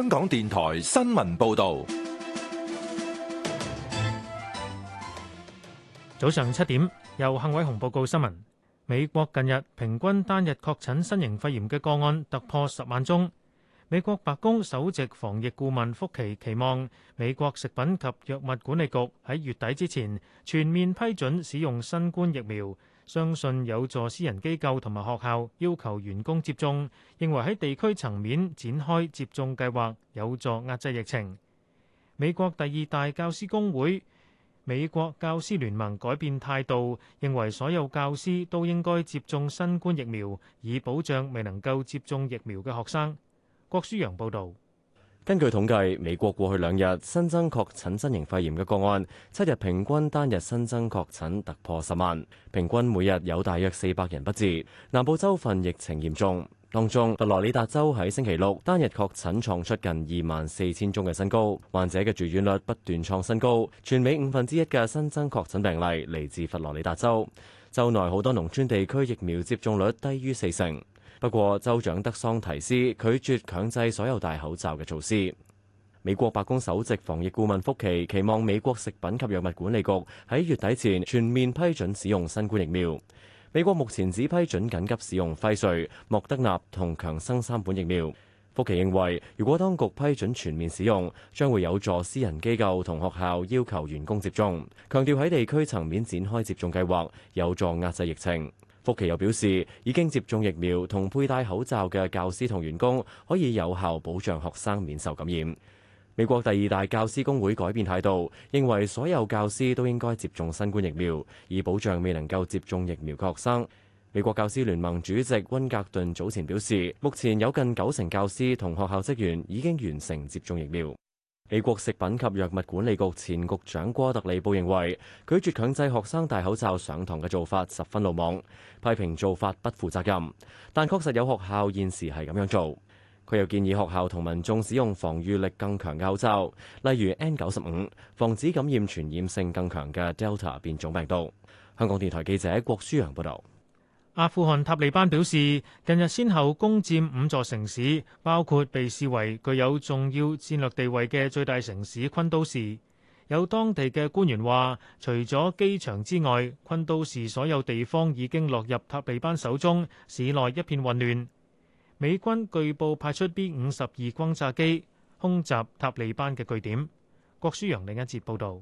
香港電台新聞報道，早上七點，由幸偉雄報告新聞。美國近日平均單日確診新型肺炎嘅個案突破十萬宗。美國白宮首席防疫顧問福奇期望，美國食品及藥物管理局喺月底之前全面批准使用新冠疫苗。相信有助私人機構同埋學校要求員工接種，認為喺地區層面展開接種計劃有助壓制疫情。美國第二大教師工會美國教師聯盟改變態度，認為所有教師都應該接種新冠疫苗，以保障未能夠接種疫苗嘅學生。郭舒陽報道。根據統計，美國過去兩日新增確診新型肺炎嘅個案，七日平均單日新增確診突破十萬，平均每日有大約四百人不治。南部州份疫情嚴重，當中佛羅里達州喺星期六單日確診創出近二萬四千宗嘅新高，患者嘅住院率不斷創新高。全美五分之一嘅新增確診病例嚟自佛羅里達州，州內好多農村地區疫苗接種率低於四成。不過，州長德桑提斯拒絕強制所有戴口罩嘅措施。美國白宮首席防疫顧問福奇期望美國食品及藥物管理局喺月底前全面批准使用新冠疫苗。美國目前只批准緊急使用輝瑞、莫德納同強生三款疫苗。福奇認為，如果當局批准全面使用，將會有助私人機構同學校要求員工接種，強調喺地區層面展開接種計劃有助壓制疫情。福奇又表示，已經接種疫苗同佩戴口罩嘅教師同員工，可以有效保障學生免受感染。美國第二大教師工會改變態度，認為所有教師都應該接種新冠疫苗，以保障未能夠接種疫苗嘅學生。美國教師聯盟主席溫格頓早前表示，目前有近九成教師同學校職員已經完成接種疫苗。美國食品及藥物管理局前局長郭特利布認為，拒絕強制學生戴口罩上堂嘅做法十分魯莽，批評做法不負責任。但確實有學校現時係咁樣做。佢又建議學校同民眾使用防禦力更強嘅口罩，例如 N 九十五，防止感染傳染，染性更強嘅 Delta 變種病毒。香港電台記者郭舒揚報道。阿富汗塔利班表示，近日先後攻佔五座城市，包括被視為具有重要戰略地位嘅最大城市昆都士。有當地嘅官員話，除咗機場之外，昆都士所有地方已經落入塔利班手中，市內一片混亂。美軍據報派出 B 五十二轟炸機空襲塔利班嘅據點。郭書陽另一節報道。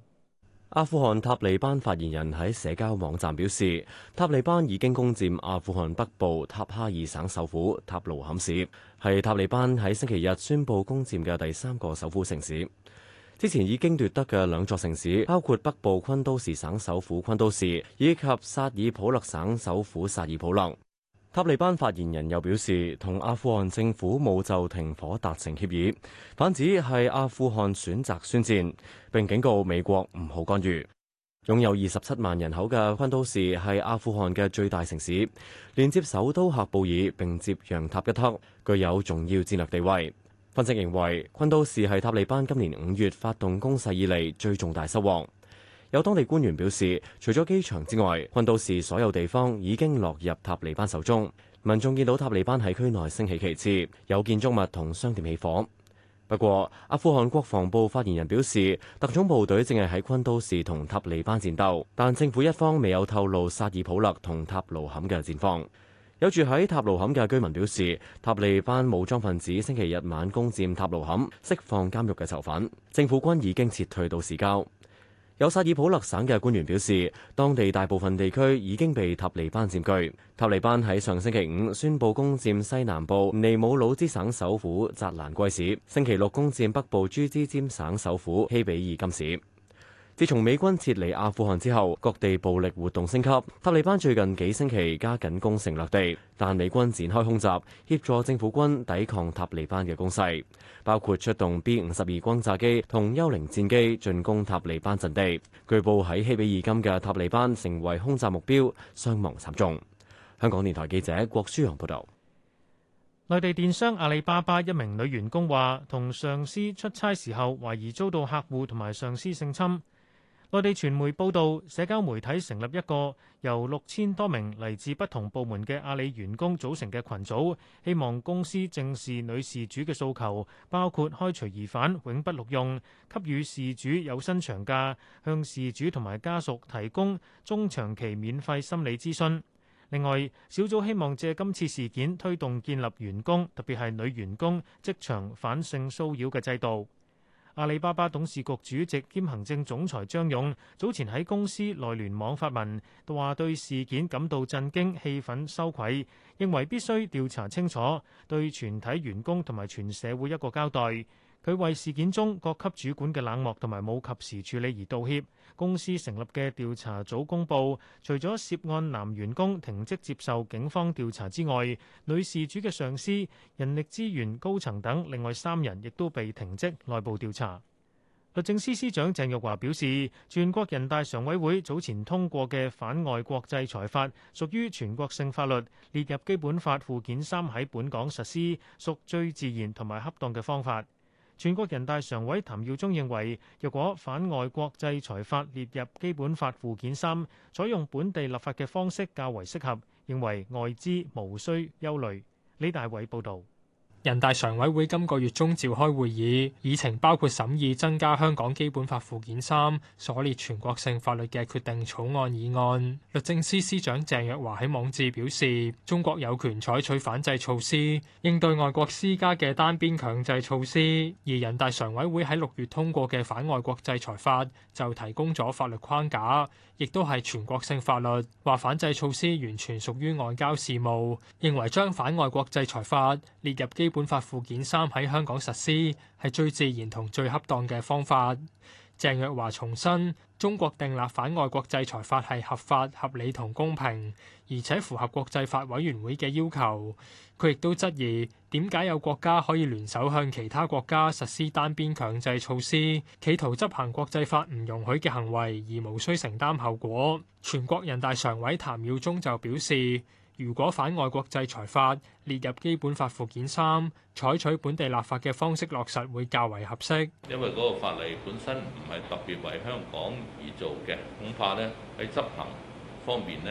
阿富汗塔利班發言人喺社交網站表示，塔利班已經攻占阿富汗北部塔哈爾省首府塔盧坎市，係塔利班喺星期日宣布攻占嘅第三個首府城市。之前已經奪得嘅兩座城市，包括北部昆都士省首府昆都士，以及薩爾普勒省首府薩爾普勒。塔利班發言人又表示，同阿富汗政府冇就停火達成協議，反指係阿富汗選擇宣戰，並警告美國唔好干預。擁有二十七萬人口嘅昆都士係阿富汗嘅最大城市，連接首都喀布爾並接壤塔吉克，具有重要戰略地位。分析認為，昆都士係塔利班今年五月發動攻勢以嚟最重大失望。有當地官員表示，除咗機場之外，昆都士所有地方已經落入塔利班手中。民眾見到塔利班喺區內升起旗幟，有建築物同商店起火。不過，阿富汗國防部發言人表示，特種部隊正係喺昆都士同塔利班戰鬥，但政府一方未有透露薩爾普勒同塔魯坎嘅戰況。有住喺塔魯坎嘅居民表示，塔利班武裝分子星期日晚攻佔塔魯坎，釋放監獄嘅囚犯，政府軍已經撤退到市郊。有薩爾普勒省嘅官員表示，當地大部分地區已經被塔利班占據。塔利班喺上星期五宣布攻占西南部尼姆魯茲省首府扎蘭季市，星期六攻占北部朱茲詹省首府希比爾金市。自從美軍撤離阿富汗之後，各地暴力活動升級。塔利班最近幾星期加緊攻城略地，但美軍展開空襲，協助政府軍抵抗塔利班嘅攻勢，包括出動 B 五十二轟炸機同幽靈戰機進攻塔利班陣地。據報喺希比爾金嘅塔利班成為空襲目標，傷亡慘重。香港電台記者郭舒揚報道。內地電商阿里巴巴一名女員工話，同上司出差時候，懷疑遭到客戶同埋上司性侵。內地傳媒報導，社交媒體成立一個由六千多名嚟自不同部門嘅阿里員工組成嘅群組，希望公司正視女事主嘅訴求，包括開除疑犯、永不錄用、給予事主有薪長假、向事主同埋家屬提供中長期免費心理諮詢。另外，小組希望借今次事件推動建立員工，特別係女員工職場反性騷擾嘅制度。阿里巴巴董事局主席兼行政總裁張勇早前喺公司內聯網發文，話對事件感到震驚、氣憤、羞愧，認為必須調查清楚，對全體員工同埋全社會一個交代。佢為事件中各級主管嘅冷漠同埋冇及時處理而道歉。公司成立嘅調查組公佈，除咗涉案男員工停職接受警方調查之外，女事主嘅上司、人力資源高層等另外三人亦都被停職內部調查。律政司司長鄭玉華表示，全國人大常委會早前通過嘅反外國制裁法屬於全國性法律，列入基本法附件三喺本港實施，屬最自然同埋恰當嘅方法。全國人大常委譚耀宗認為，若果反外國制裁法列入基本法附件三，採用本地立法嘅方式較為適合，認為外資無需憂慮。李大偉報導。人大常委會今個月中召開會議，議程包括審議增加香港基本法附件三所列全國性法律嘅決定草案議案。律政司司長鄭若驊喺網誌表示，中國有權採取反制措施應對外國施加嘅單邊強制措施，而人大常委會喺六月通過嘅反外國制裁法就提供咗法律框架，亦都係全國性法律。話反制措施完全屬於外交事務，認為將反外國制裁法列入基本。本法附件三喺香港實施係最自然同最恰當嘅方法。鄭若驊重申，中國訂立反外國制裁法係合法、合理同公平，而且符合國際法委員會嘅要求。佢亦都質疑點解有國家可以聯手向其他國家實施單邊強制措施，企圖執行國際法唔容許嘅行為，而無需承擔後果。全國人大常委譚耀宗就表示。如果反外國制裁法列入基本法附件三，採取本地立法嘅方式落實會較為合適。因為嗰個法例本身唔係特別為香港而做嘅，恐怕呢喺執行方面呢，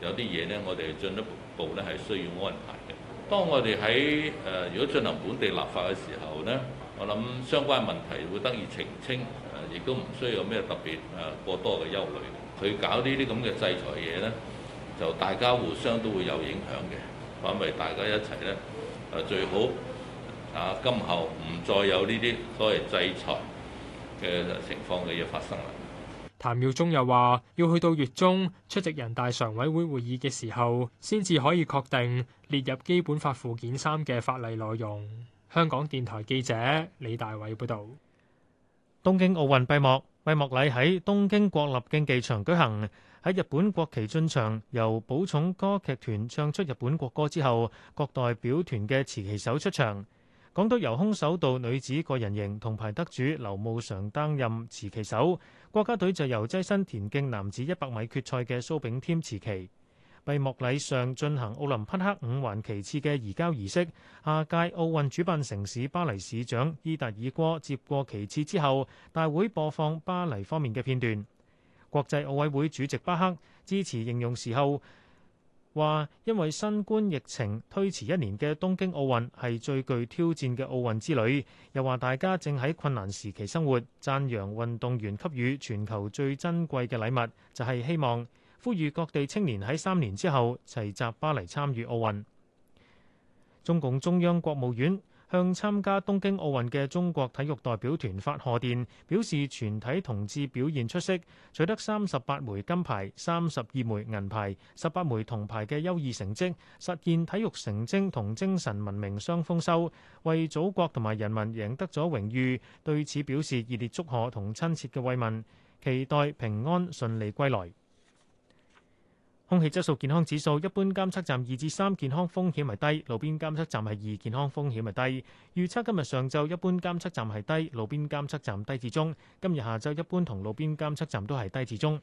有啲嘢呢，我哋進一步呢係需要安排嘅。當我哋喺誒如果進行本地立法嘅時候呢，我諗相關問題會得以澄清，誒、呃、亦都唔需要咩特別誒、呃、過多嘅憂慮。佢搞呢啲咁嘅制裁嘢呢。就大家互相都會有影響嘅，反為大家一齊呢，誒，最好啊，今後唔再有呢啲所謂制裁嘅情況嘅嘢發生啦。譚耀宗又話：要去到月中出席人大常委會會議嘅時候，先至可以確定列入基本法附件三嘅法例內容。香港電台記者李大偉報導。東京奧運閉幕，閉幕禮喺東京國立競技場舉行。喺日本國旗進場，由保重歌劇團唱出日本國歌之後，各代表團嘅持旗手出場。港隊由空手道女子個人型銅牌得主劉慕裳擔任持旗手，國家隊就由躋身田徑男子一百米決賽嘅蘇炳添持旗。閉幕禮上進行奧林匹克五環旗幟嘅移交儀式，下屆奧運主辦城市巴黎市長伊達爾戈接過旗幟之後，大會播放巴黎方面嘅片段。國際奧委會主席巴克支持應用時候話，因為新冠疫情推遲一年嘅東京奧運係最具挑戰嘅奧運之旅。又話大家正喺困難時期生活，讚揚運動員給予全球最珍貴嘅禮物就係希望，呼籲各地青年喺三年之後齊集巴黎參與奧運。中共中央國務院向參加東京奧運嘅中國體育代表團發賀電，表示全體同志表現出色，取得三十八枚金牌、三十二枚銀牌、十八枚銅牌嘅優異成績，實現體育成績同精神文明雙豐收，為祖國同埋人民贏得咗榮譽，對此表示熱烈祝賀同親切嘅慰問，期待平安順利歸來。空氣質素健康指數，一般監測站二至三健康風險係低，路邊監測站係二健康風險係低。預測今日上晝一般監測站係低，路邊監測站低至中。今日下晝一般同路邊監測站都係低至中。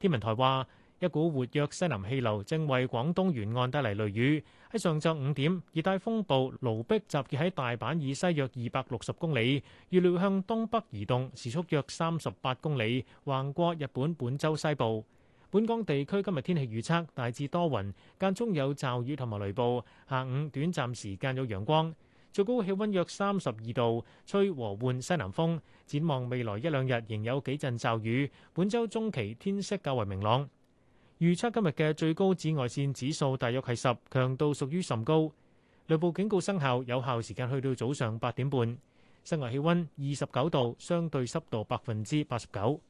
天文台話，一股活躍西南氣流正為廣東沿岸帶嚟雷雨。喺上晝五點，熱帶風暴盧碧集結喺大阪以西約二百六十公里，預料向東北移動，時速約三十八公里，橫過日本本州西部。本港地區今日天氣預測大致多雲，間中有驟雨同埋雷暴。下午短暫時間有陽光，最高氣溫約三十二度，吹和緩西南風。展望未來一兩日，仍有幾陣驟雨。本週中期天色較為明朗。預測今日嘅最高紫外線指數大約係十，強度屬於甚高。雷暴警告生效，有效時間去到早上八點半。室外氣温二十九度，相對濕度百分之八十九。